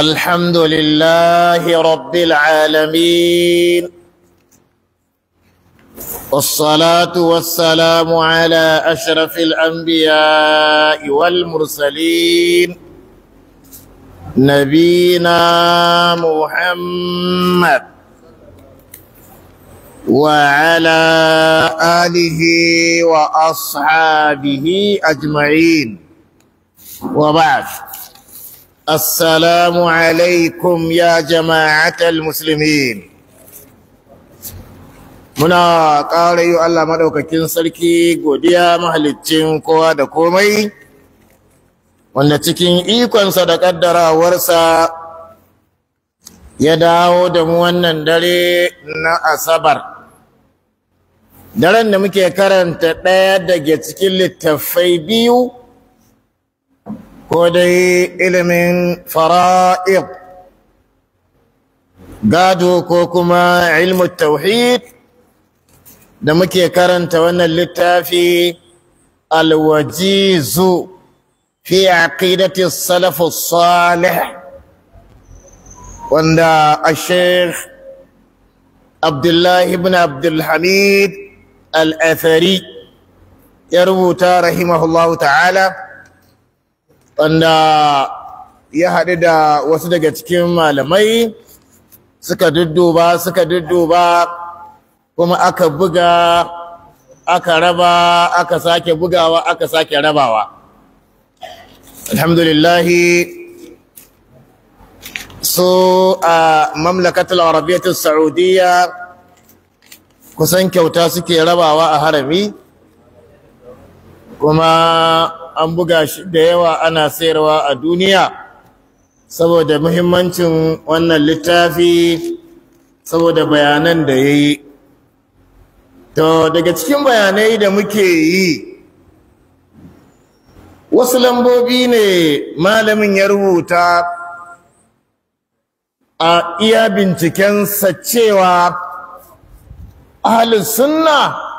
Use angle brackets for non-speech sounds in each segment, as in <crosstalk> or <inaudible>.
الحمد لله رب العالمين والصلاة والسلام على أشرف الأنبياء والمرسلين نبينا محمد وعلى آله وأصحابه أجمعين وبعد السلام عليكم يا جماعة المسلمين muna ƙara yi Allah maɗaukakin sarki godiya mahalicin kowa da komai wanda cikin ikonsa da ƙaddarawarsa ya dawo da mu wannan dare na asabar daren da muke karanta ɗaya daga cikin littattafai biyu ko dai ilimin fara'id gado ko kuma ilmu tauhid da muke karanta wannan littafi alwajizu fi aqidati salafu salih wanda a sheikh Abdullahi ibn Abdul Hamid al-Athari ya rubuta rahimahullahu ta'ala wanda ya haɗu da wasu daga cikin malamai suka dudduba suka dudduba kuma aka buga aka raba aka sake bugawa aka sake rabawa alhamdulillahi so a mamlakatul arabiyatul saudiya kusan kyauta suke rabawa a harami kuma an buga shi da yawa ana sayarwa a duniya saboda muhimmancin wannan littafi saboda bayanan da ya yi to daga cikin bayanai da muke yi wasu lambobi ne malamin ya rubuta a iya bincikensa cewa ahalin sunna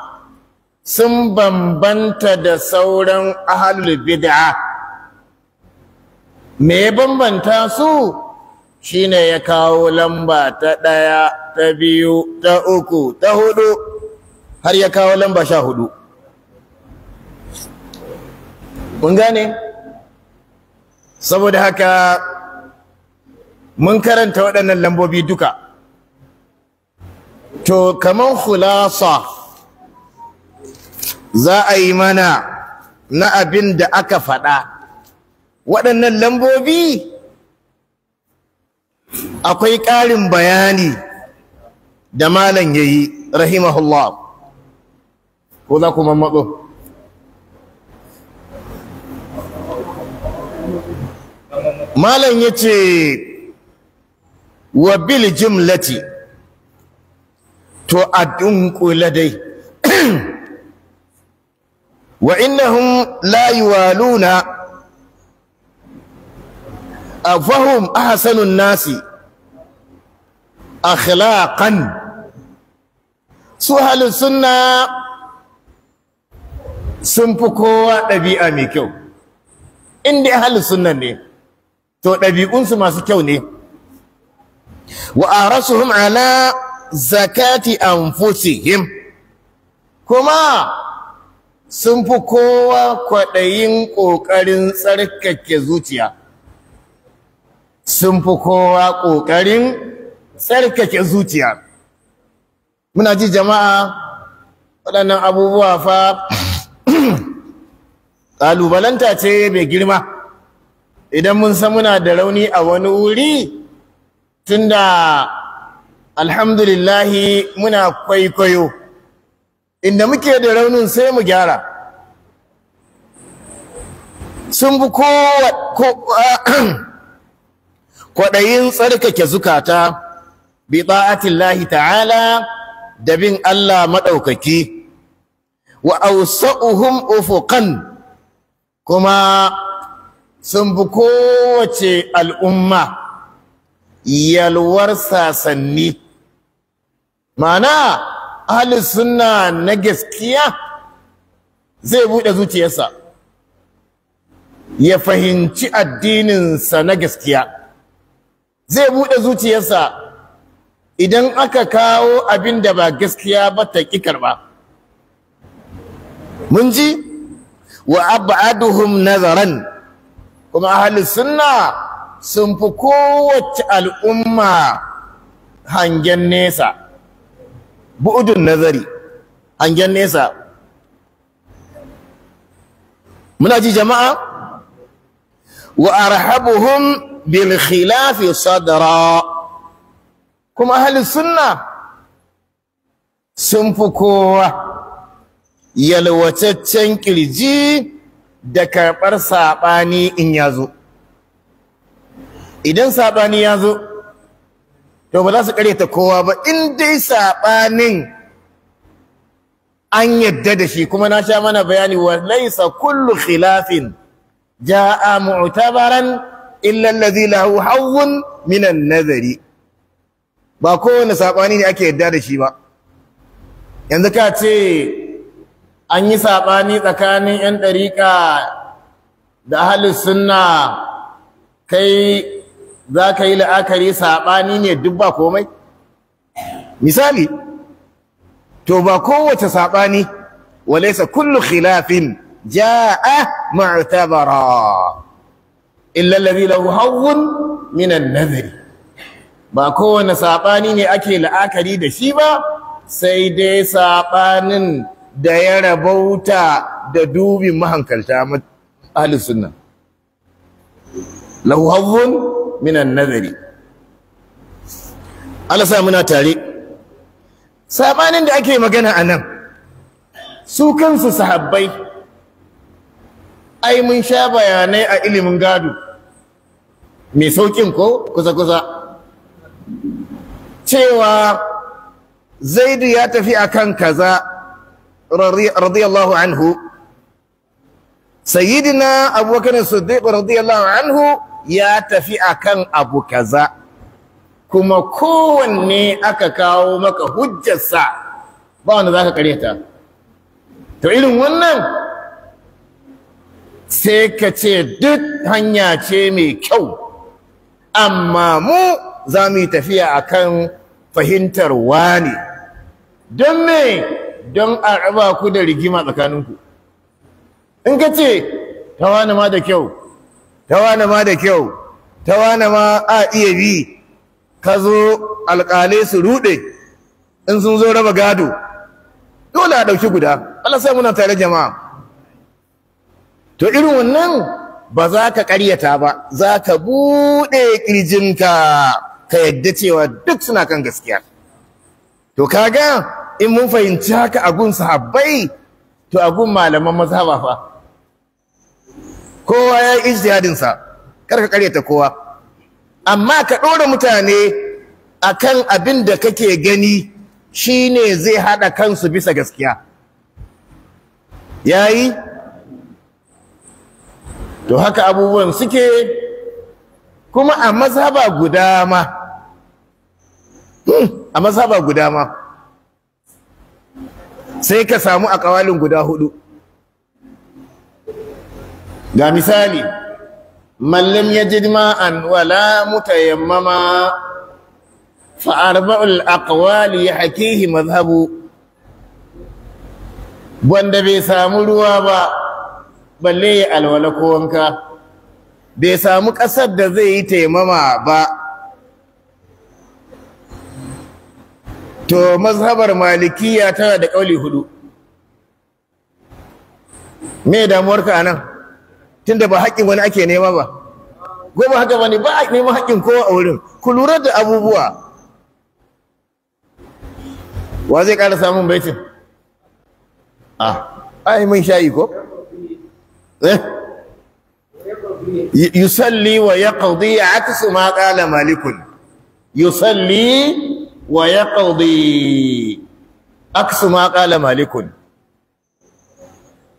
sun bambanta da sauran ahalul bid'a me bambanta su shine ya kawo lamba ta ɗaya ta biyu ta uku ta hudu har ya kawo lamba sha hudu mun gane saboda haka mun karanta waɗannan lambobi duka to kamar khulasa za a yi mana na abin da aka faɗa waɗannan lambobi akwai ƙarin bayani da malam ya yi rahimahullah ko za ku mammaɗo malam ya ce wa bil jimlati to a dunkula dai <clears throat> wa innahum la yuwaluna afahum ahsanun nasi akhlaqan su halin sunna sun fi kowa ɗabi'a mai kyau inda ya halin sunan ne to ɗabi'unsu masu kyau ne wa arasuhum ala zakati anfusihim kuma sun fi kowa kwaɗayin ƙoƙarin tsarkake zuciya sun fi kowa ƙoƙarin tsarkake zuciya muna ji jama'a waɗannan abubuwa fa <clears throat> ƙalubalanta ce mai girma idan mun san muna da rauni a wani wuri tunda alhamdulillahi muna kwaikwayo inda muke da raunin sai mu gyara sun bi <coughs> kwaɗayin tsarkake zukata bi ta'atillahi ta'ala da bin Allah maɗaukaki wa ausa'uhum ufuqan kuma sun bi kowace al'umma yalwar sasanni mana ahalin sunna na gaskiya zai bude zuciyarsa ya fahimci addininsa na gaskiya zai bude zuciyarsa idan aka kawo abin da ba gaskiya ba ta ƙi karɓa mun ji wa ab'aduhum nazaran kuma ahalin sunna sun fi kowace al'umma hangen nesa bu'udun nazari hangen nesa muna ji jama'a wa arhabuhum bil khilafi sadra kuma ahli sunna sun fi kowa yalwataccen kirji da karɓar saɓani in ya idan saɓani ya zo to ba za su karyata kowa ba in dai saɓanin an yadda da shi kuma na sha mana bayani wa laisa kullu khilafin ja'a mu'tabaran illa allazi lahu hawwun minan nazari ba kowane saɓani ne ake yadda da shi ba yanzu ka ce an yi saɓani tsakanin 'yan ɗariƙa da ahalus sunna kai za ka yi la'akari saɓani ne duk ba komai misali to ba kowace saɓani walaisa kullu khilafin ja'a mu'tabara illa alladhi lahu hawwun min an-nadhri ba kowane saɓani ne ake la'akari da shi ba sai dai saɓanin da ya rabauta da dubin mahankalta ahli sunna lahu hawwun minan nazari Allah sa muna tare sabanin da ake magana a nan su kansu sahabbai ai mun sha bayanai a ilimin gado mai saukin ko kusa-kusa cewa zaidu ya tafi akan kaza radiyallahu anhu sayyidina abubakar siddiq radiyallahu anhu ya tafi akan abu kaza kuma kowanne aka kawo maka hujjarsa ba wanda za ka kareta to irin wannan sai ka ce duk hanya ce mai kyau amma mu za mu yi tafiya akan fahimtar wani don me don a raba ku da rigima tsakaninku in ka ce ta wani ma da kyau ta wane ma da kyau ta ma a iya bi ka zo alƙalai su ruɗe in sun zo raba gado dole a ɗauki guda Allah sai muna tare jama'a to irin wannan ba za ka ƙaryata ba za ka buɗe ƙirjinka ka yadda cewa duk suna kan gaskiya to kaga in mun fahimci haka a gun sahabbai to a gun malaman mazhaba fa kowa ya yi ijtihadinsa kar ka karyata kowa amma ka ɗora mutane akan abin da kake gani shine zai haɗa kansu bisa gaskiya yayi to haka abubuwan suke kuma a mazhaba guda ma hmm, a mazhaba guda ma sai ka samu a ƙawalin guda hudu ga misali mallam ya ma'an wala mutayammama fa arba'ul aqwali hakihi madhhabu wanda bai samu ruwa ba balle ya alwala ko wanka bai samu ƙasar da zai yi taimama ba to mazhabar malikiya tana da kauli hudu me damuwarka nan tunda ba haƙƙin wani ake nema ba goma haka bane ba a neman haƙƙin kowa a wurin ku lura da abubuwa wa zai ƙara samun baitin ah ai mun shayi ko eh? yusalli wa yaqdi aksu ma ƙala malikun yusalli wa yaqdi aksu ma qala malikun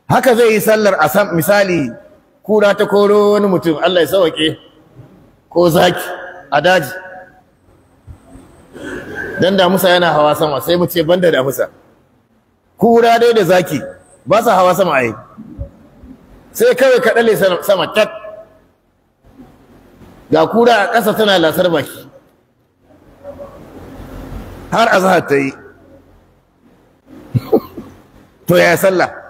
haka zai yi sallar asam misali kura ta koro wani mutum Allah ya sauke ko zaki a daji dan damusa yana hawa sama sai mu ce banda damusa kura dai da zaki ba sa hawa sama ai sai kawai ka dale sama tak ga kura a ƙasa tana lasar baki har azhar ta yi <laughs> to ya sallah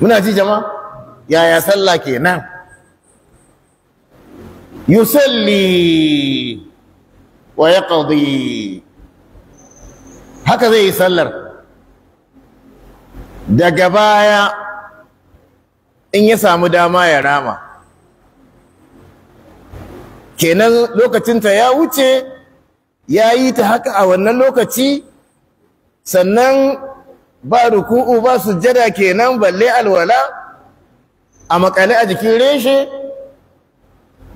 muna ji jama'a yaya sallah kenan yusalli wa yaqdi haka zai yi sallar daga baya in ya samu dama ya rama kenan lokacinta ya wuce ya yi ta haka a wannan lokaci sannan ba ruku'u ba sujjada kenan balle alwala a makale a jikin reshe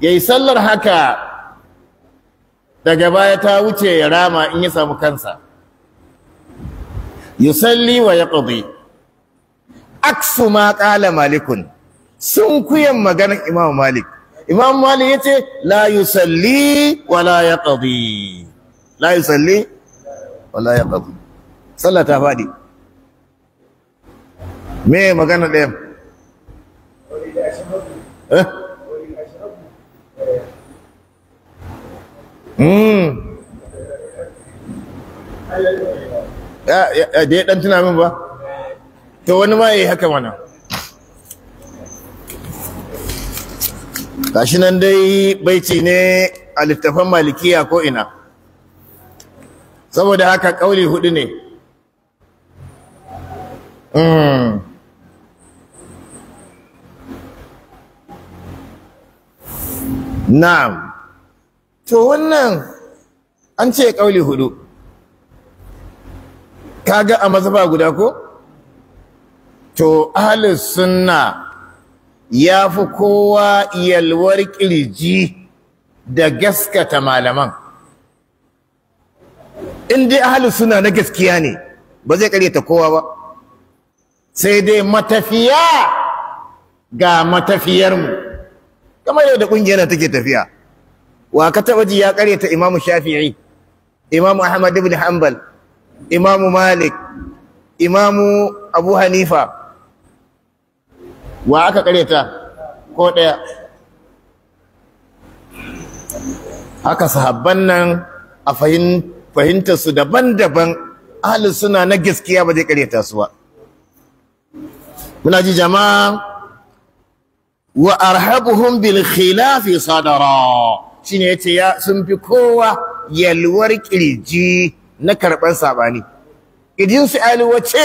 yayi sallar haka daga baya ta wuce ya rama in ya samu kansa yusalli wa yaqdi aksu ma qala malikun sun kuyan maganar imam malik imam malik yace la yusalli wa la yaqdi la yusalli wa la yaqdi sallah ta fadi me magana ɗaya da eh? hmm. ya ɗan tuna min ba to wani ma yi haka mana gashi nan dai baici ne a littafan malikiya ko ina saboda haka ƙauli hudu ne hmm. na'am to wannan an ce kauli hudu kaga a mazhaba guda ko to ahlus sunna yafi kowa yalwar kirji da gaskata malaman in dai ahlus sunna na gaskiya ne ba zai karyata kowa ba sai dai matafiya ga matafiyarmu kamar yadda kungiyar take tafiya wa ka taba ji ya karyata imamu shafi'i imamu ahmad ibn hanbal imamu malik imamu abu hanifa wa aka karyata ko daya haka sahabban nan a fahimtar su daban-daban ahalin suna na gaskiya ba zai karyata su ba muna ji jama'a wa arhabuhum bil khilafi sadara shine yace ya sun fi kowa yalwar kirji na karban sabani idin su alwace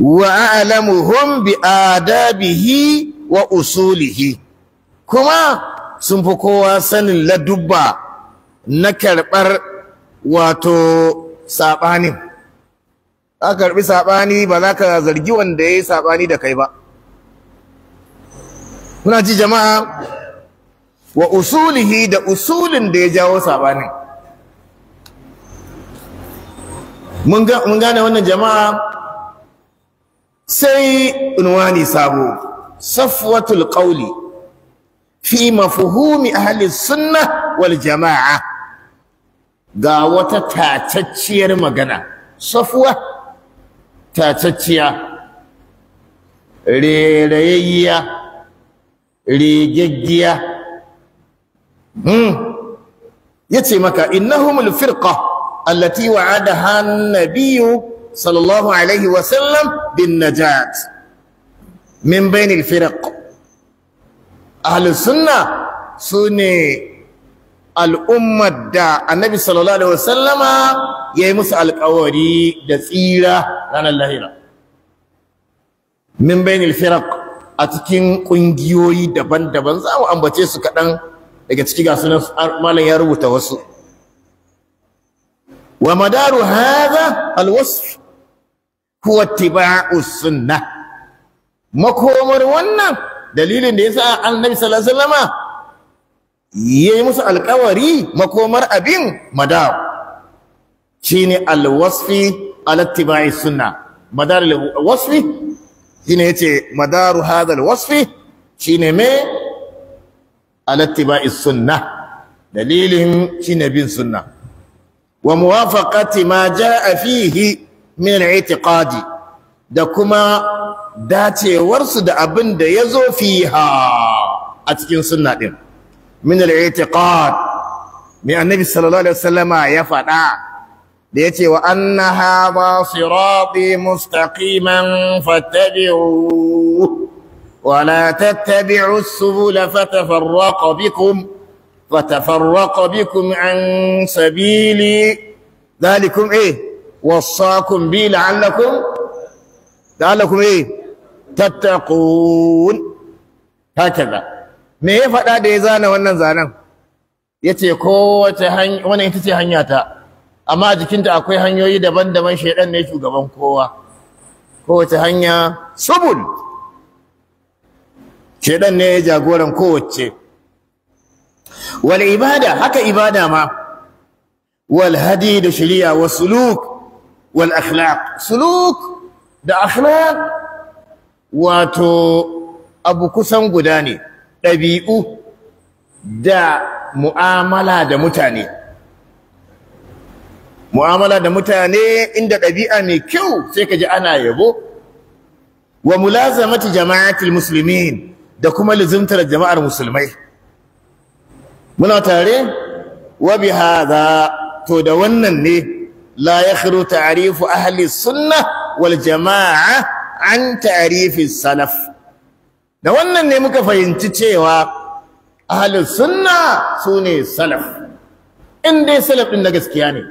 wa a'lamuhum bi adabihi wa usulihi kuma sun fi kowa sanin ladubba na karbar wato sabanin za ka karɓi saɓani ba za ka zargi wanda ya yi saɓani da kai ba muna ji jama'a wa usulihi da usulin da ya jawo saɓanin mun gane wannan jama'a sai unwani sabo safwatul ƙauli fi mafhumi ahli sunnah wal jama'a ga wata tacacciyar magana safwa tacacciya rerayayya rigaggiya hmm. ya ce maka innahumul firqa allati wa'adaha an-nabiyyu sallallahu alaihi sallam, bin najat min bainil firq ahlus sunna sune al'ummar da annabi sallallahu alaihi wasallama ya yi musu alkawari da tsira ranar lahira min bainil firaq a cikin ƙungiyoyi daban-daban za mu ambace su kaɗan daga ciki ga sunan malam ya rubuta wasu wa madaru hadha alwasf huwa ittiba'u sunnah makomar wannan dalilin da yasa annabi sallallahu alaihi wasallama ya yi musu alƙawari makomar abin madar ne alwasfi ala suna. sunna madar alwasfi shine ce, madaru hadha alwasfi shine me ala ittiba'i suna, dalilin shi ne bin suna. wa muwafaqati ma ja jaa fihi min al-i'tiqadi da kuma dacewarsu da abin da ya zo fiha a cikin sunna ɗin من الاعتقاد من النبي صلى الله عليه وسلم يفعل ليتي وأن هذا صراطي مستقيما فاتبعوه ولا تتبعوا السبل فتفرق بكم فتفرق بكم عن سبيلي ذلكم ايه وصاكم بي لعلكم لعلكم ايه تتقون هكذا me ya faɗa da ya zana wannan zanen ya ce kowace hanya wannan ita ce hanya ta amma a jikinta akwai hanyoyi daban-daban shaidan ne shugaban kowa kowace hanya subul shaidan ne ya jagoran kowace wal ibada haka ibada ma wal hadi da shari'a wa suluk wal akhlaq suluk da akhlaq wato abu kusan guda ne ɗabi'u da mu'amala da mutane mu'amala da mutane inda ɗabi'a mai kyau sai ka ji ana yabo wa mulazamati jama'atul muslimin da kuma lizimtar jama'ar musulmai muna tare wa bi to da wannan ne la yakhru ta'rifu ahli sunnah wal jama'a an ta'rifi salaf da wannan ne muka fahimci cewa ahalin sunna sune salaf in dai salaf din na gaskiya ne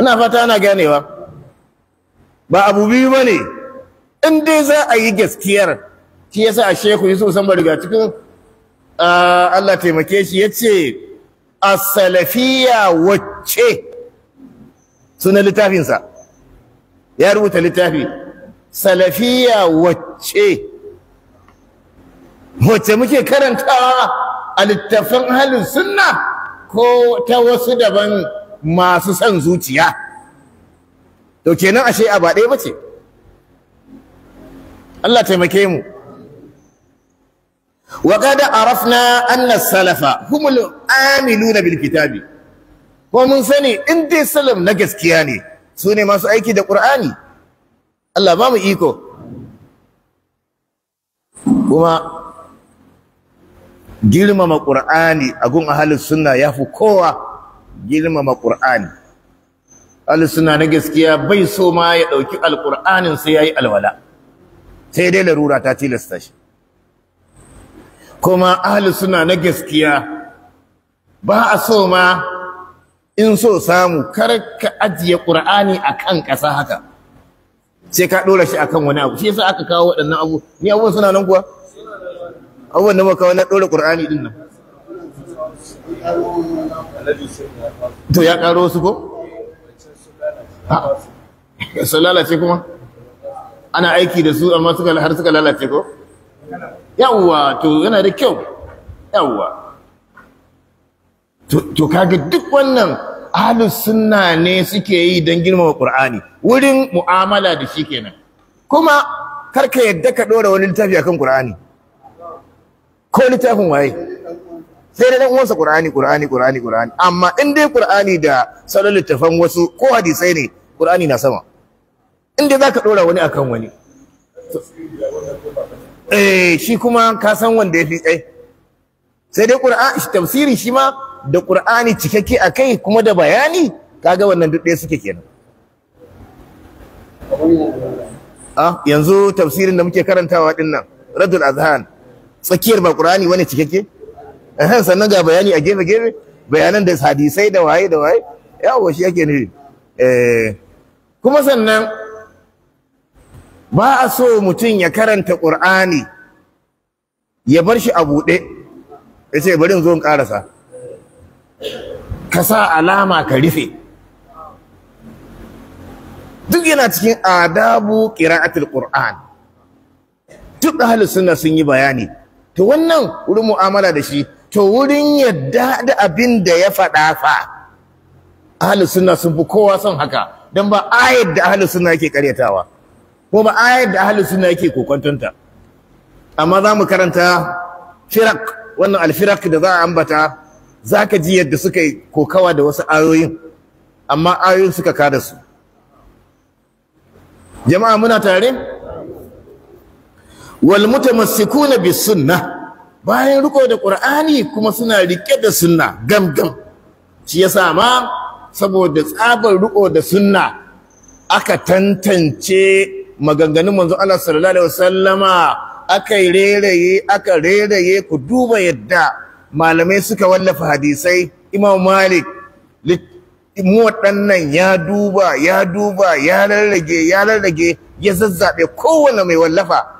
ina fata ana ganewa ba abu biyu bane in dai za a yi gaskiyar shi yasa Sheikh Yusuf Sambar daga cikin Allah taimake shi Ya ce a salafiya wacce Suna littafinsa ya rubuta littafi salafiya wacce wace muke karantawa a littafin halin sunna ko ta wasu daban masu son zuciya to kenan ashe a ba ɗaya bace Allah taimake mu wa qad arafna anna salafa humul na bilkita kitabi ko mun sani in dai salam na gaskiya ne su ne masu aiki da ƙur'ani. Allah ba mu iko kuma girmama qur'ani a gun suna sunna yafi kowa girmama qur'ani ahalus sunna na gaskiya bai so ma ya dauki alqur'anin sai yayi alwala sai dai larura ta tilasta shi kuma ahalus sunna na gaskiya ba a so ma in so samu kar ka ajiye qur'ani akan ƙasa haka sai ka dora shi akan wani abu shi yasa aka kawo waɗannan abu ni abubuwan suna nan kuwa abubuwan da muka kawo na ɗora ƙur'ani ɗin nan to ya ƙaro wasu ko sun lalace kuma ana aiki da su amma suka har suka lalace ko yawwa to yana da kyau yawwa to kaga duk wannan ahalus sunna ne suke yi don girmama ƙur'ani wurin mu'amala da shi kenan kuma karka yadda ka ɗora wani littafi akan ƙur'ani ko littafin waye sai da ɗan'uwansa uwansa ƙur'ani, ƙur'ani, ƙur'ani, amma in dai ƙur'ani da sauran littafan wasu ko hadisai ne ƙur'ani na sama in dai ka ɗora wani akan wani eh shi kuma ka san wanda ya fi tsaye eh. sai dai qur'ani tafsiri shi ma da ƙur'ani cikakke a kai kuma da bayani kaga wannan duk ɗaya suke kenan ah, yanzu tafsirin da muke karantawa ɗin nan radul azhan tsakiyar ba qur'ani wani cikakke eh sannan ga bayani a gefe gefe bayanan da hadisai da waye da waye yawa shi yake ne eh kuma sannan ba a so mutum ya karanta qur'ani ya bar shi a buɗe ya ce bari in zo in ƙarasa ka sa alama ka rufe duk yana cikin adabu qira'atul qur'an duk ahlus sunna sun yi bayani to wannan wurin mu'amala da shi to wurin yadda da abin da ya faɗa fa ahlus sunna sun fi kowa son haka don ba ayat da ahlus sunna yake karyatawa ko ba ayat da ahlus sunna yake kokontonta amma za mu karanta firak wannan alfirak da za a ambata zaka ji yadda suka yi kokawa da wasu ayoyin amma ayoyin suka kada su jama'a muna tare wal mutamassikuna bis sunnah bayan riko da qur'ani kuma suna rike da sunna gam gam shi yasa ma saboda tsabar riko da sunna aka tantance maganganun manzo Allah sallallahu alaihi wasallama aka rereye aka rereye ku duba yadda malamai suka wallafa hadisai Imam Malik mu waɗannan ya duba ya duba ya rarrage ya rarrage ya zazzabe kowanne mai wallafa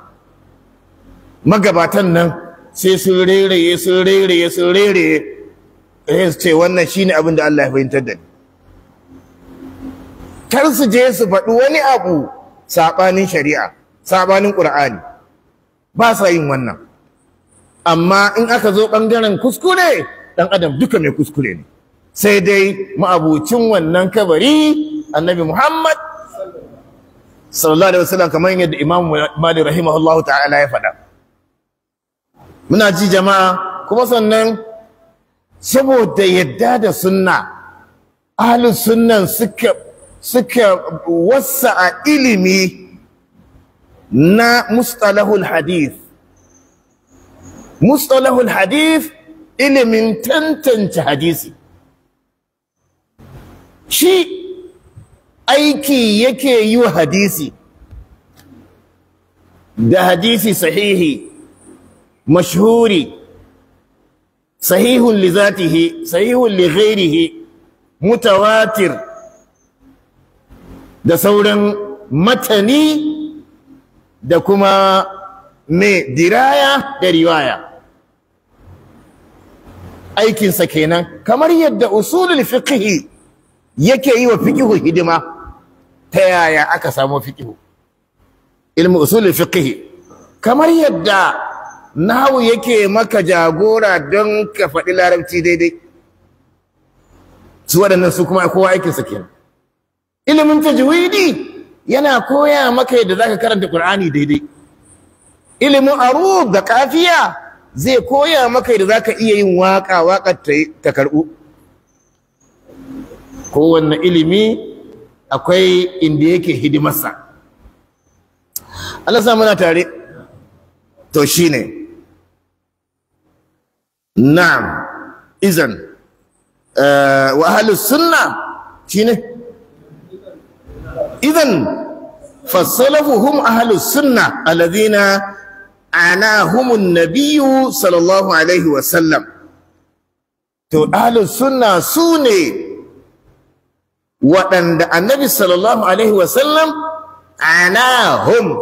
magabatan nan sai sun reraye sun reraye sun reraye eh, sai ce wannan shine abin da Allah ya fahimtar da ni kar su je su faɗi wani abu saɓanin shari'a saɓanin ƙur'ani ba sa yin wannan amma in aka zo ɓangaren kuskure ɗan adam duka mai kuskure ne sai dai ma'abucin wannan kabari annabi muhammad sallallahu alaihi wasallam kamar yadda imam malik rahimahullahu ta'ala ya faɗa muna ji jama'a kuma sannan saboda yadda da sunna ahlus sunnan suka suka a ilimi na mustalahul hadith mustalahul hadith ilimin tantance hadisi shi aiki yake yi wa hadisi da hadisi sahihi mashhuri sahihun li zatihi sahihun li ghairihi mutawatir da sauran matani da kuma me diraya da riwaya aikinsa kenan kamar yadda usulul fiqhi yake yi wa fiqhu hidima ta yaya aka samu fiqhu ilmu usulul fiqhi kamar yadda nawu yake maka jagora don ka faɗi larabci daidai su waɗannan su kuma kowa aikinsa kenan ilimin tajwidi yana koya maka yadda zaka karanta Qur'ani daidai ilimin arub da kafiya zai koya maka yadda zaka iya yin waka waka ta karbu kowanne ilimi akwai inda yake hidimarsa Allah sa muna tare to shine نعم اذا آه واهل السنه شنو؟ اذا فالسلف هم اهل السنه الذين عناهم النبي صلى الله عليه وسلم تو اهل السنه سوني وان النبي صلى الله عليه وسلم عناهم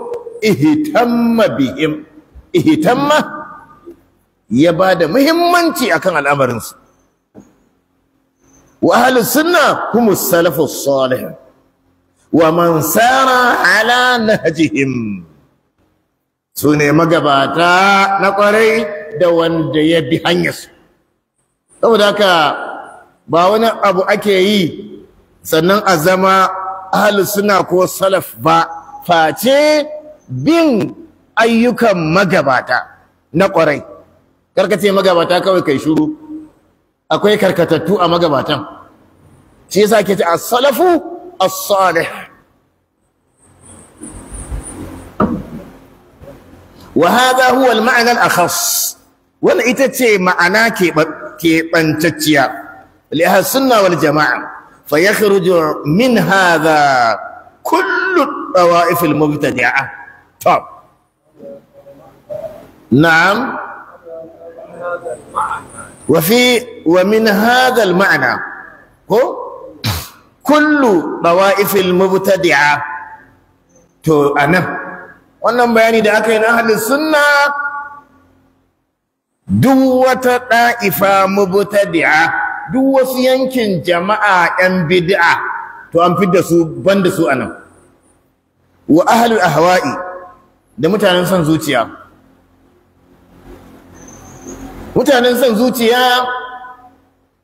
اهتم بهم اهتم ya ba da muhimmanci akan al'amarinsu wa ahli sunna humus salafus salih wa man sara ala nahjihim sune magabata na kwarai da wanda ya bi hanyarsu saboda haka ba wani abu ake yi sannan a zama ahli sunna ko salaf ba face bin ayyukan magabata na kwarai karka ce magabata kawai kai shuru akwai karkatattu a magabatan shi yasa ke ce as-salafu as-salih wa hadha huwa al-ma'na al-akhass wala ita ce ma'ana ke ke bantacciya li sunna wal jama'a فيخرج من هذا كل الطوائف المبتدعه طب نعم وفي ومن هذا المعنى هو كل طوائف المبتدعة تو انا wannan bayani da aka yi na ahlus sunna duk wata ɗa'ifa mubtadi'a duk wasu yankin jama'a 'yan bid'a to an fidda su banda su anan wa ahlul ahwa'i da mutanen son zuciya mutanen son zuciya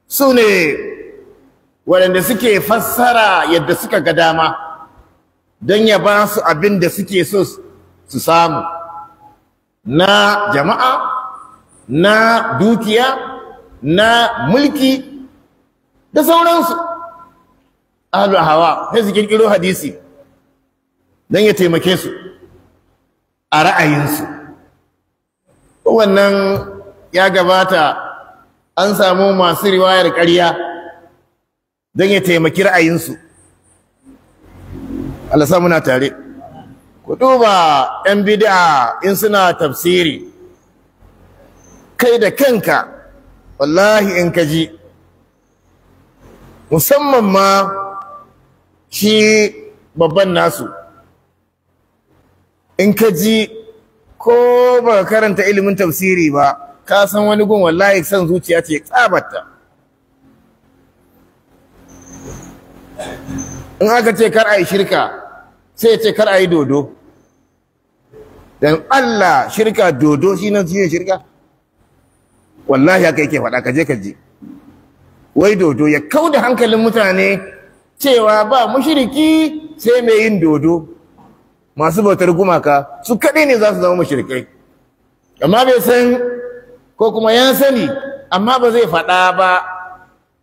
su ne waɗanda suke fassara yadda suka ga dama don ya ba su abin da suke so su samu na jama'a na dukiya na mulki da sauransu ahlu hawa sai su kirkiro hadisi don ya taimake su a ra'ayinsu wannan ya gabata an samu masu riwayar ƙarya don ya taimaki ra'ayinsu Allah samu muna tare ku duba 'yan bid'a in suna tafsiri kai da kanka wallahi in ka ji musamman ma shi babban nasu in ka ji ko ba karanta ilimin tafsiri ba ka san wani gun wallahi san zuciya ce tsabarta. in aka ce kar a yi shirka sai ce kar a yi dodo dan Allah shirka dodo shi nan shi shirka wallahi haka yake faɗa kaje kaje wai dodo ya da hankalin mutane cewa ba mushriki sai mai yin dodo masu bautar gumaka su kaɗai ne za su zama mushrikai amma bai san ko kuma ya sani amma ba zai faɗa ba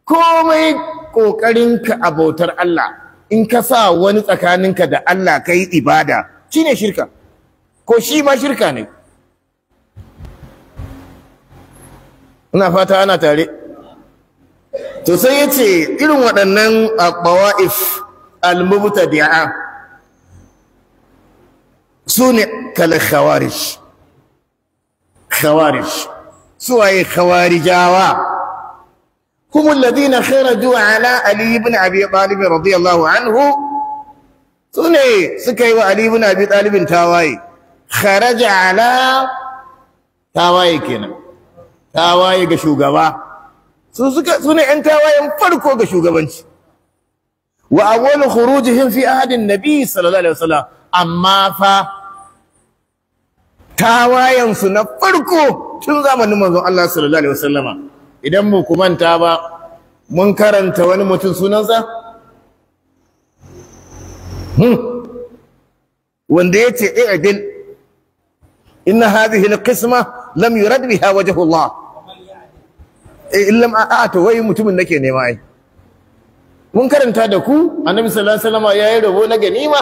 komai ƙoƙarinka a bautar Allah in ka sa wani tsakaninka da Allah ka yi ibada shi ne shirka ko shi ma shirka ne ina fata ana tare to sai ya ce irin waɗannan aqbawa'if al-mubtadi'a su ne kalar khawarish khawarish suwaye khawarijawa kuma ladina khira zuwa ala alibin abi ɗalibin radiyallahu anhu su ne suka yi wa alibin abi ɗalibin tawaye kharaja ala tawaye kenan tawaye ga shugaba su ne ‘yan tawayen farko ga shugabanci wa awwalu khurujihim fi ahadin nabi sallallahu alaihi wasallam amma fa tawayen su na farko tun zamanin manzon Allah sallallahu alaihi wasallama idan mu kumanta ba mun karanta wani mutum sunansa hmm. wanda ya yace eh, i'dil inna hadhihi alqisma lam yurad biha wajhu Allah eh, in lam a'ata wai mutumin nake nema ai mun karanta da ku annabi sallallahu alaihi wasallama yayi rabo na ganima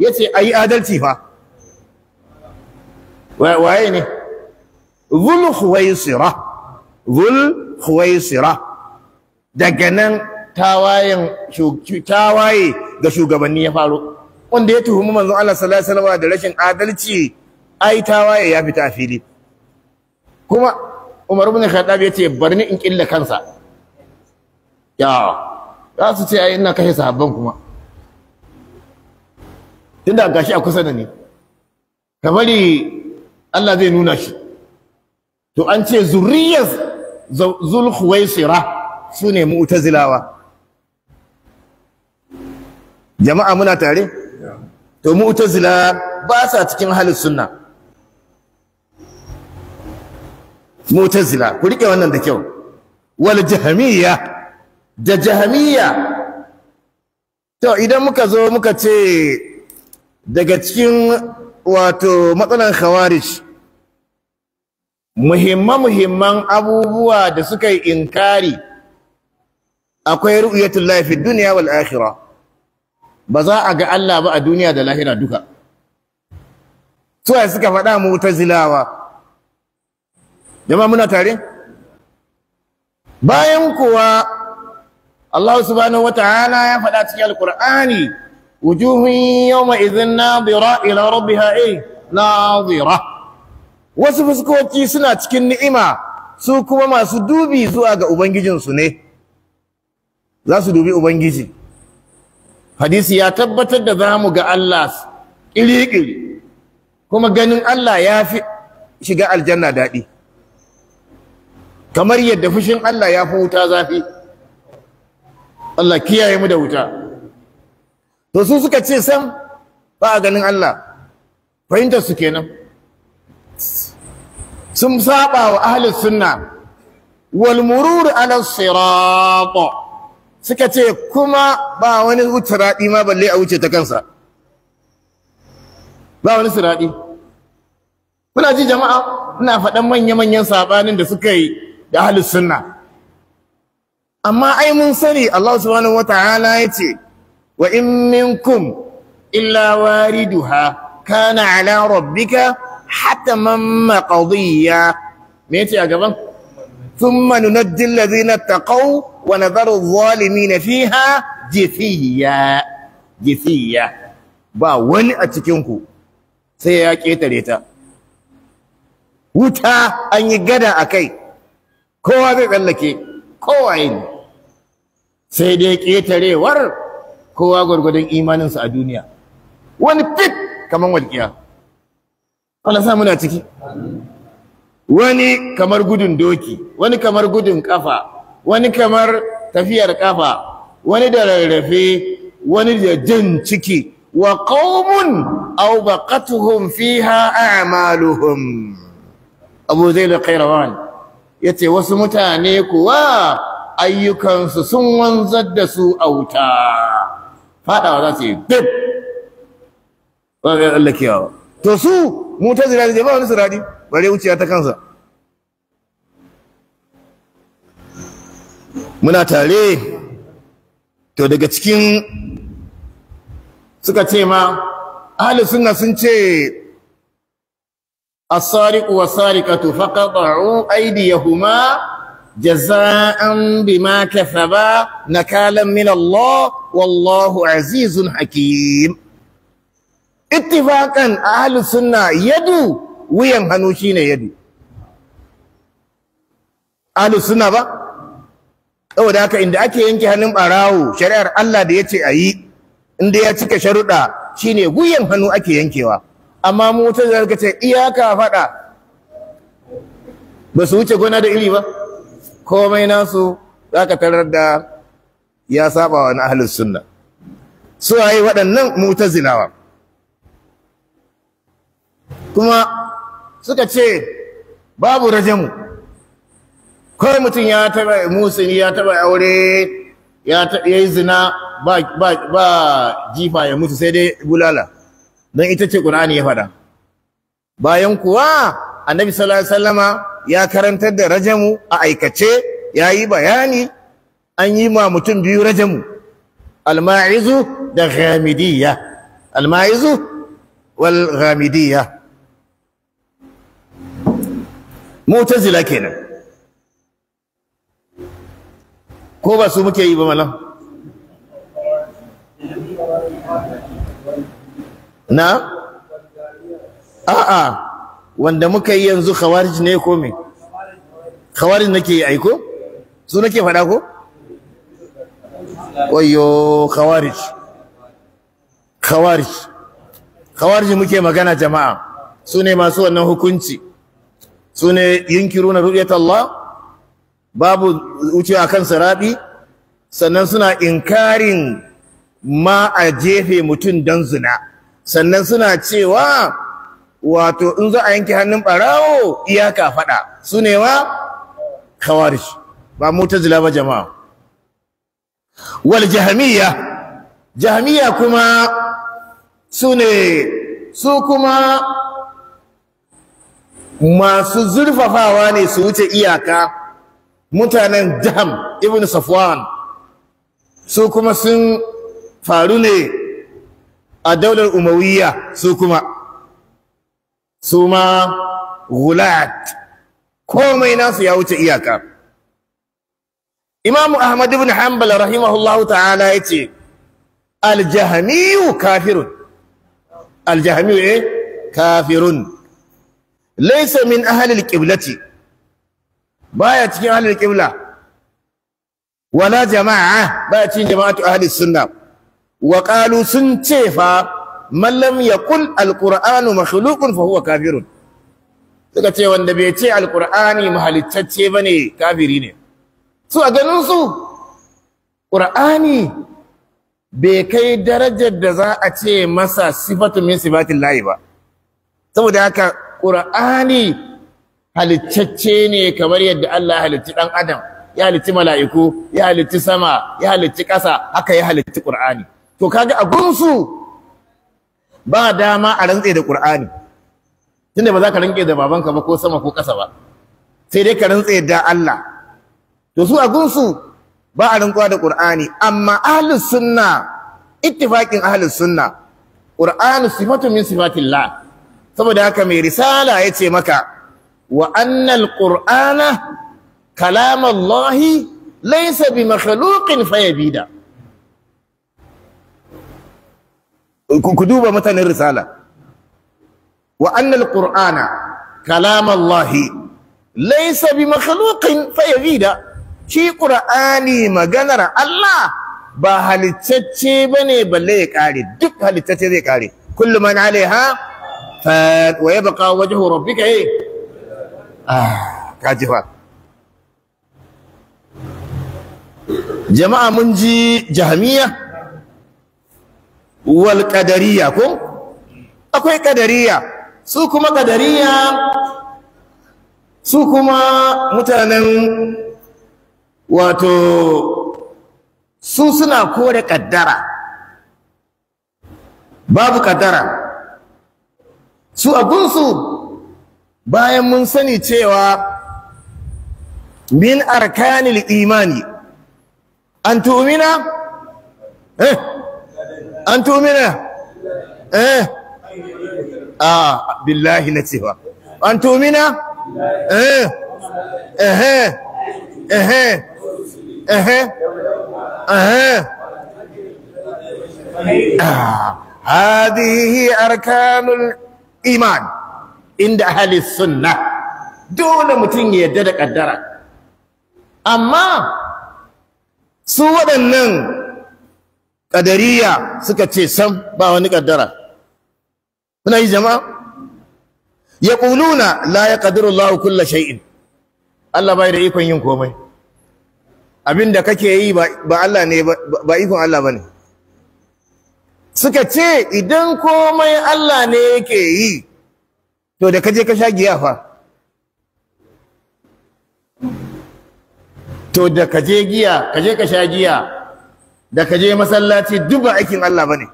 yace ayi adalci fa waye ne zul khuwaisira zul khuwaisira daga nan tawayin tawaye ga shugabanni ya faru, wanda ya tuhumi manzon Allah sallallahu alaihi wasallam da rashin adalci ai tawaye ya fita fili kuma Umar ibn Khattab ya ce barni in killa kansa ya za su ce ai ina kashe sahabban kuma tunda gashi a kusa da ni ka bari Allah zai nuna shi to an ce zuriyar zulhuwaisira su ne mu'tazilawa jama'a muna tare to mu'tazila ba sa cikin halin sunna mu'tazila ku rike wannan da kyau wal jahamiyya da jahamiyya to idan muka zo muka ce daga cikin wato matsalan khawarij muhimman-muhimman abubuwa da suka yi inkari akwai ruuyatun lafi duniya wal akhirah ba za a ga Allah ba a duniya da lahira duka suwaye suka faɗa mu zilawa. jama'a muna tare bayan kuwa Allah subhanahu wata'ala ya faɗa cikin alkur'ani wujuhun yawma idhin nadira ila rabbiha eh, na zira. wasu fuskoki suna cikin ni'ima su kuma masu dubi zuwa ga ubangijinsu ne za su dubi ubangiji hadisi ya tabbatar da za mu ga Allah ƙiri kuma ganin Allah ya fi shiga aljanna daɗi kamar yadda fushin Allah ya fi wuta zafi Allah kiyaye mu da wuta to su suka ce sam ba ganin Allah fahimtar su kenan sun saba wa ahalis sunna wal murur ala sirat suka ce kuma ba wani wuce raɗi ma balle a wuce ta kansa ba wani siradi kuna ji jama'a ina faɗan manya-manyan saɓanin da suka yi da ahli sunna amma ai mun sani Allah subhanahu wata'ala ce, wa in minkum illa wariduha kana ala rabbika hataman maqdiya me yace a gaban thumma nunajji allazina taqaw wa nadharu adh-dhalimin fiha jifiya ba wani a cikin ku sai ya ketare ta wuta an yi gada a kai kowa zai tsallake kowa yin sai dai ƙetarewar kowa gwargwadon imaninsa a duniya wani fit kamar walƙiya Allah sa muna ciki wani kamar gudun doki wani kamar gudun kafa wani kamar tafiyar kafa wani da rarrafe wani da jin ciki wa qaumun aw baqatuhum fiha a'maluhum Abu Zaid al-Qayrawan yace wasu mutane kuwa ayyukansu sun wanzar da su auta fada za su yi dip wa ya Allah kiyawa to su mu ta zira ne ba wani sirari bare wuciya ta kansa muna tare to daga cikin suka ce ma ahli sunna sun ce as-sariq wa sariqatu faqata'u aydiyahuma jazaan bima kafaba nakalan min Allah wallahu azizun hakim ittifaqan ahli sunna yadu wuyan hannu shine yadu ahli sunna ba saboda haka inda ake yanke hannun barawo shari'ar Allah da ya yace ayi inda ya cika sharuda shine wuyan hannu ake yankewa amma mu ta zaka ce iyaka fada ba su wuce gona da iri ba komai nasu zaka tarar da ya saba wa ahli sunna su ayi waɗannan mu'tazilawa kuma suka ce babu rajamu kawai mutum ya taɓa musuni ya taba aure ya yi zina ba jifa ya mutu sai dai bulala dan ita ce ƙur'ani ya faɗa bayan kuwa annabi sallallahu alaihi wasallama ya karantar da rajamu a aikace ya yi bayani an yi ma mutum biyu rajamu alma'izu da ghamidiyya alma'izu wal ghamidiyya mu'tazila kenan ko ba su muke yi ba malam na a'a wanda muka yi yanzu khawarij ne ko me khawarij nake yi aiko su nake faɗa ko wayo khawarij khawarij khawarij muke magana jama'a su ne masu wannan hukunci su ne yunkiruna ru'yat Allah babu wucewa kan sarabi? sannan suna inkarin ma a jefe mutum don zina sannan suna cewa wato in za a yanke hannun barawo iyaka faɗa su ne wa kawarish ba zila ba jama'a wal jahamiya. jahamiya kuma su ne su kuma masu zurfafawa ne su wuce iyaka mutanen dam ibn safwan su kuma sun faru ne a daular umawiyya su kuma su ma gulat komai nasu ya wuce iyaka imamu ahmad ibn hanbal rahimahullahu ta'ala ya ce aljahamiyu kafirun aljahamiyu eh kafirun laisa min ahalil qiblati baya cikin ahalil qibla wala jama'a baya cikin jama'atu ahli sunna wa qalu sun ce fa man lam yaqul alqur'anu makhluqun fa huwa kafirun suka ce wanda bai ce alqur'ani mahalittacce bane kafiri ne su a ganin su qur'ani bai kai darajar da za a ce masa sifatu min sifatin ba saboda haka Qur'ani halittacce ne kamar yadda Allah ya halitti ɗan adam ya halitti mala'iku ya halitti sama ya halitti ƙasa haka ya halitti qur'ani to kaga a gunsu ba dama a rantse da qur'ani tunda ba za ka rantse da babanka ba ko sama ko ƙasa ba sai dai ka rantse da Allah to su a gunsu ba a rantsuwa da qur'ani amma ahlus sunna ittifaqin ahlus sunna qur'anu sifatun min sifatillah saboda haka mai risala ya ce maka wa annal qur'ana kalam Allah laysa bi ku duba mutanen risala wa annal qur'ana kalam Allah laysa bi makhluqin fayabida shi qur'ani maganar Allah ba halittacce bane balle ya ƙare duk halittacce zai ƙare kullu man alaiha فات ويبقى وجه ربك ايه ah kaji fa jama'a mun ji jahmiya wal qadariyya ko akwai qadariyya su kuma qadariyya su kuma mutanen wato su suna kore kaddara babu kaddara su abunsu bayan mun sani cewa min arkanil imani an tu'mina eh an tu'mina eh ah billahi cewa. an tu'mina eh eh eh eh eh هذه هي أركان iman inda ahli sunna dole mutum ya yarda da kaddara amma su waɗannan kadariya suka ce sam ba wani kaddara kuna yi jama'a yaquluna la yaqdiru Allah kulle shay'in Allah bai da ikon yin komai abinda kake yi ba Allah ne ba ikon Allah bane suka ce idan komai Allah ne yake yi to da kaje ka sha giya fa to da kaje giya kaje ka sha giya da kaje masallaci duk ba aikin Allah bane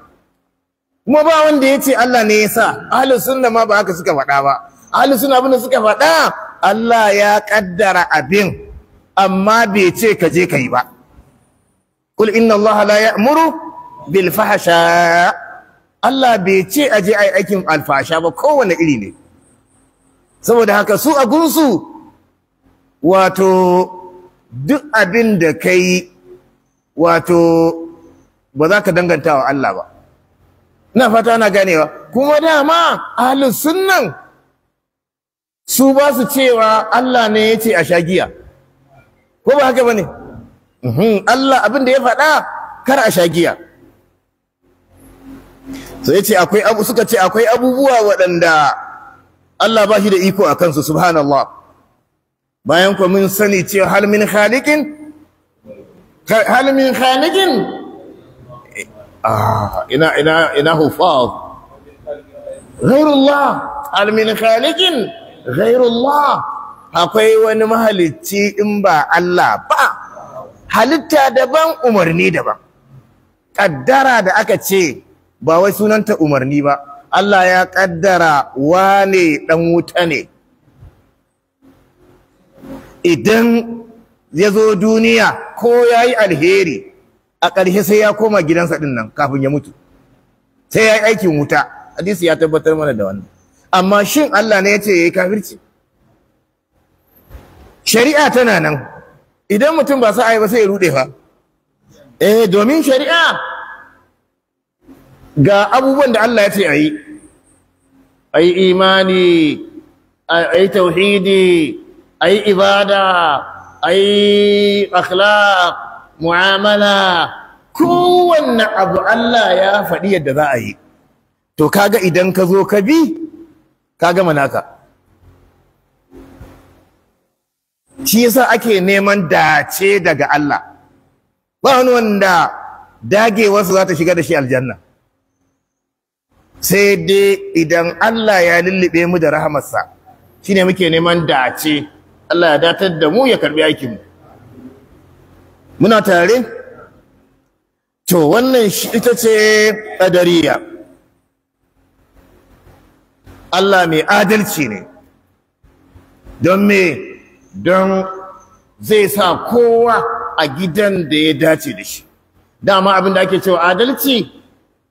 kuma ba wanda ya ce Allah ne ya sa ahlus sunna ma ba haka suka faɗa ba ahlus sunna abin da suka faɗa Allah ya kaddara abin amma bai ce kaje kai ba kul inna Allah la ya'muru bil Allah bai ce a je a yi aikin alfasha ba kowane iri ne saboda haka su a gunsu wato duk abin da kai wato ba za ka danganta wa Allah ba ina fata ana ganewa kuma dama ahlus sunnan su ba su cewa Allah ne ya ce a shagiya ko ba haka ba ne? Mhm, Allah abin da ya faɗa kar a shagiya so yace akwai abu suka ce akwai abubuwa waɗanda Allah ba shi da iko a kansu subhanallah bayan ku mun sani ce hal min khaliqin hal min khaliqin ah ina ina ina hufaz ghairullah hal min khaliqin ghairullah akwai wani mahalicci in ba Allah ba halitta daban umarni daban kaddara da aka ce ba wai sunanta umarni ba Allah ya kaddara wane dan wuta ne idan ya zo duniya ko ya yi alheri a ƙarshe sai ya koma gidansa ɗin nan kafin ya mutu sai ya yi aikin wuta hadisi ya tabbatar mana da wannan amma shin Allah ne ya ce ya yi kafirci shari'a tana nan idan mutum ba sa'ai ba sai ya ruɗe ba. eh domin shari'a ga abubuwan da Allah ya ce a yi a yi imani a yi tauhidi a yi ibada a yi akhlaq mu'amala kowanne abu Allah ya faɗi yadda za a yi to kaga idan ka zo ka bi ka gama naka shi yasa ake neman dace daga Allah ba wani wanda dagewarsa za ta shiga da shi aljanna sai dai idan Allah ya lullube mu da rahamarsa shine muke neman dace Allah ya datar da mu ya karbi aikinmu. muna tare to wannan shi ita ce qadariya Allah mai adalci ne don me don zai sa kowa a gidan da ya dace da shi dama abinda ake cewa adalci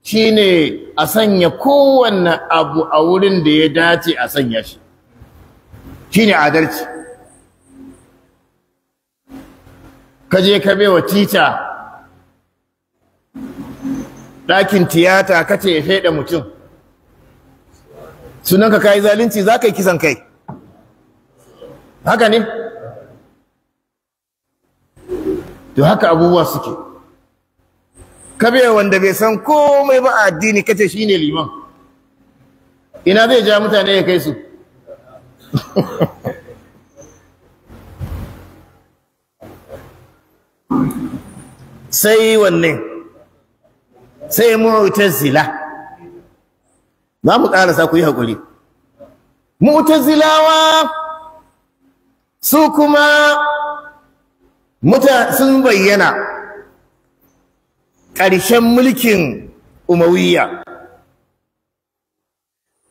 shine a sanya kowanne abu a wurin da ya dace a sanya shi shine adalci Ka je ka wa tica ɗakin tiyata kace ya shaida mutum sunanka kayi zalunci za ka yi kisan kai haka ne to haka abubuwa suke kabe wanda bai san komai ba a addini kace shine liman ina zai ja mutane ya kai su <laughs> sai wannan sai mu'tazila za mu karasa ku yi hakuri mu'tazilawa su kuma sun bayyana ƙarshen mulkin umawiyya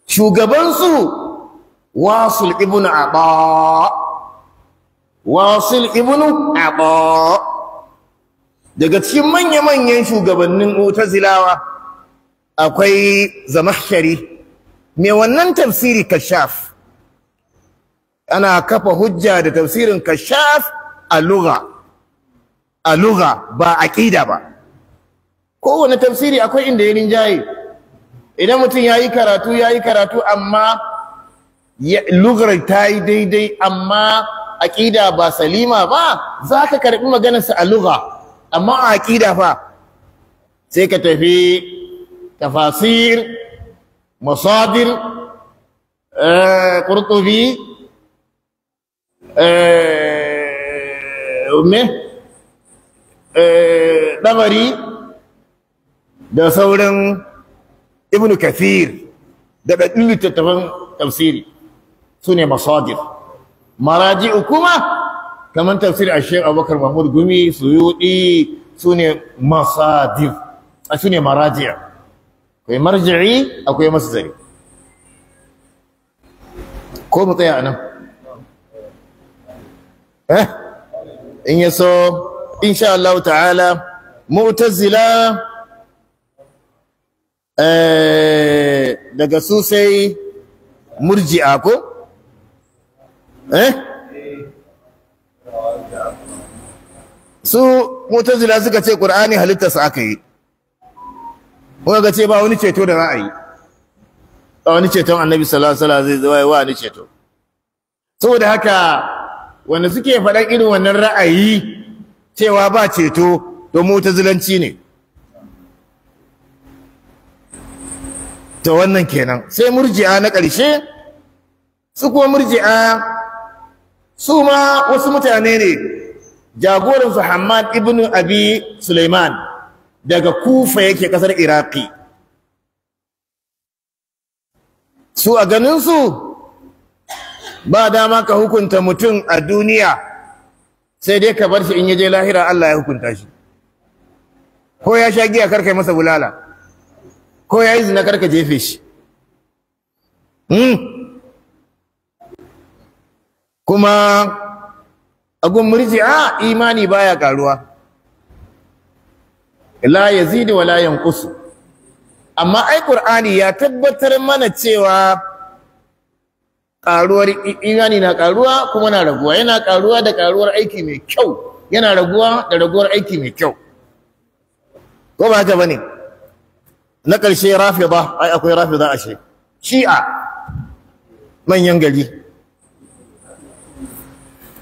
shugabansu wasul ibn aba wasul ibn aba daga cikin manya-manyan shugabannin mutazilawa akwai zamahshari mai wannan tafsiri kashaf ana kafa hujja da tafsirin kashaf a ba a ƙida ba aqida ba kowane tafsiri akwai inda ya rinjaye idan mutum ya yi karatu ya yi karatu amma lugar ta yi daidai amma aƙida ba salima ba za ka karɓi maganarsa a luga amma a aƙida fa sai ka tafi tafasir masadir ƙurtubi eh, eh, eh, ɗabari da sauran ibnu kathir da ɗaɗin littattafan tafsiri su ne masajir, maraji'u kuma kamar tafsir a shek abubakar mahmud gumi suyuɗi su ne masadir a su ne maraji'a akwai marji'i akwai masdari ko mu tsaya a nan eh in yaso insha Allah ta'ala mu'tazila Eh, daga su sai murji'a ko eh su mutazila suka ce ƙur'ani halittarsa aka yi kuma ga ce ba wani ceto da ra'ayi ba wani ceton annabi salasala zai zai zo wa wani ceto saboda haka wanda suke faɗan irin wannan ra'ayi cewa ba ceto to mutazilanci ne to wannan kenan sai murji'a na ƙarshe su kuma murji'a su ma wasu mutane ne jagoransu Hamad ibn Abi Suleiman daga Kufa yake ƙasar Iraki su a ganinsu ba dama ka hukunta mutum a duniya sai dai ka bar shi in yaje lahira Allah ya hukunta shi ko ya sha giya karkai masa bulala ko ya yi zina karka jefe shi hmm? kuma agun murji'a imani baya karuwa la yazidu wa la amma ai qur'ani ya tabbatar mana cewa karuwar imani na karuwa kuma na raguwa yana karuwa da karuwar aiki mai kyau yana raguwa da raguwar aiki mai kyau ko ba ta bane na ƙarshe rafida ai akwai rafida ashe shi'a manyan gari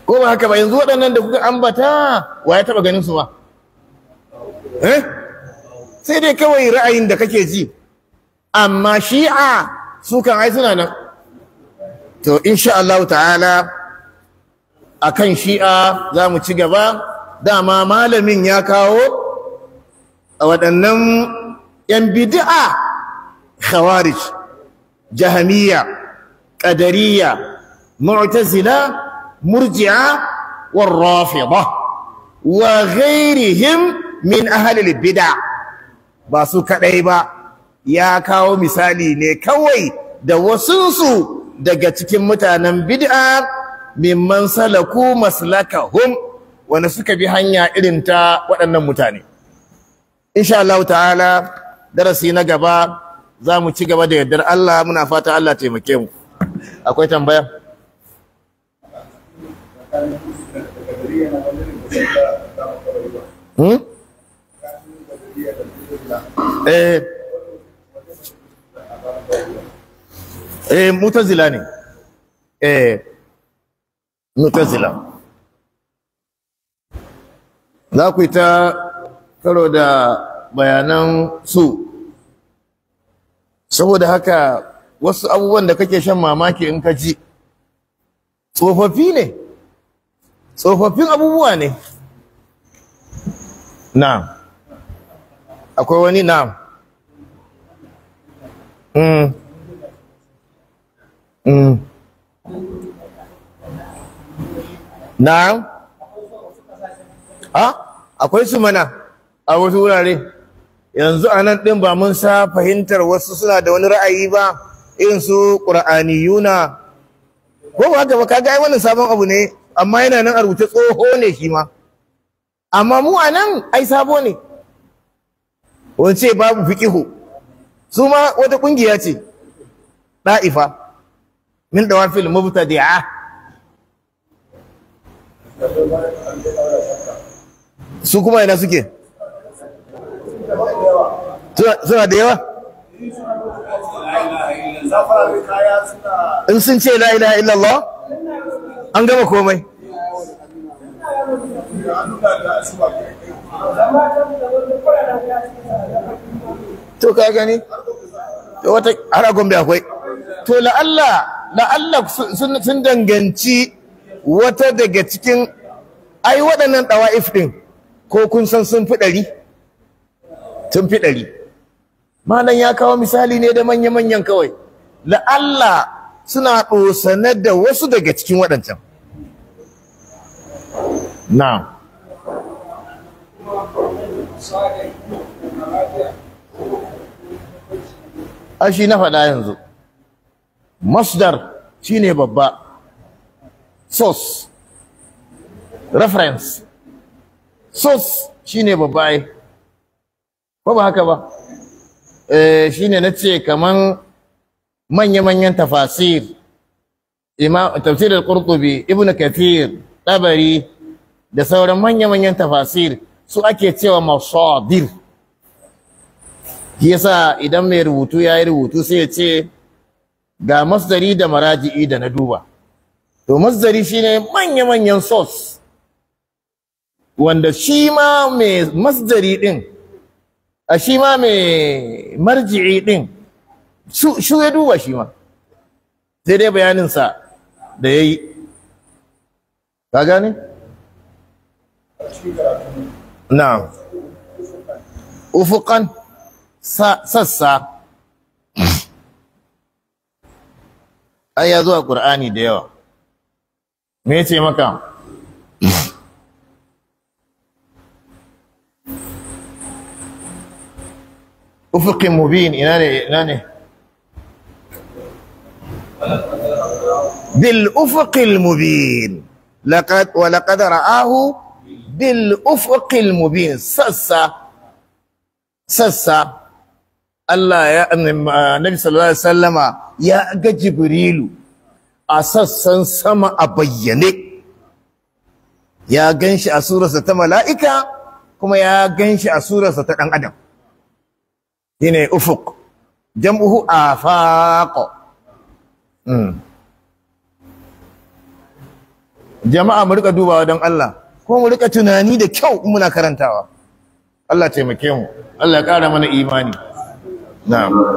ko ba haka ba yanzu waɗannan da kuka ambata wa ya taɓa ganin su ba eh sai dai kawai ra'ayin da kake ji amma shi'a su kan ai suna nan to insha Allah ta'ala akan shi'a za mu ci gaba dama malamin ya kawo a waɗannan yan bid'a khawarij jahamiyya qadariyya mu'tazila murji'a warrafida wa ghairihim min ahli bid'a ba su kadai ba ya kawo misali ne kawai da su daga cikin mutanen bid'a mimman salaku maslakahum wanda suka bi hanya irin ta waɗannan mutane insha Allah ta'ala darasi na gaba za mu ci gaba da yardar Allah muna fata Allah taimake mu akwai tambaya hmm? eh eh mutazila ne eh mutazila za ku yi ta karo da bayanan su saboda haka wasu abubuwan da kake shan mamaki in ka ji tsofaffi ne tsofaffin abubuwa ne Na. akwai wani na? mm. mm. na ha ah, akwai su mana a wasu wurare yanzu a nan ɗin ba mun sa fahimtar wasu suna da wani ra'ayi ba irin su yuna ko ba haka ba ka ga wannan sabon abu ne amma yana nan a rubuce tsoho ne shi ma amma mu a nan ai sabo ne wance babu fiƙihu su ma wata ƙungiya ce ɗa'ifa min da mubtadi'a su kuma ina suke suna da yawa in sun ce la ilaha illallah an gama komai to ka gani wata har gombe akwai to la'alla la'alla sun danganci wata daga cikin ai waɗannan ɗawa'if ɗin ko kun san sun fi ɗari Tun fi ɗari malam ya kawo misali ne da manya-manyan kawai la'alla suna ɗosane da wasu daga cikin waɗancan Na. ashi na faɗa yanzu masdar ne babba source reference source ne babba ai Ko ba haka ba eh, shi ne na ce kaman manya-manyan tafasir tafsir al-qurtubi ibnu kathir tabari da sauran manya-manyan tafasir su ake cewa masadir yasa idan mai rubutu ya yi rubutu sai ya ce ga masdari da maraji'i da na duba to masdari shine manya-manyan source wanda shi ma mai masdari din a shi ma mai marji'i ɗin shu ya duba shi ma sai dai bayaninsa da ya yi ka gane? na'am ufukan sassa ai ya zuwa ƙur'ani da yawa me ce maka ufuqin mubin ina ne ina ne bil ufuqil mubin laqad wa bil ufuqil mubin sassa sassa Allah ya Nabi sallallahu alaihi wasallama ya ga Jibrilu a sassan sama a bayyane ya ganshi a surarsa ta mala'ika kuma ya ganshi a surarsa ta dan adam shine ufuk jam'uhu afaq hmm. jama'a mu rika dubawa don Allah ko mu rika tunani da kyau in muna karantawa Allah taimake mu Allah ya ƙara mana imani na'am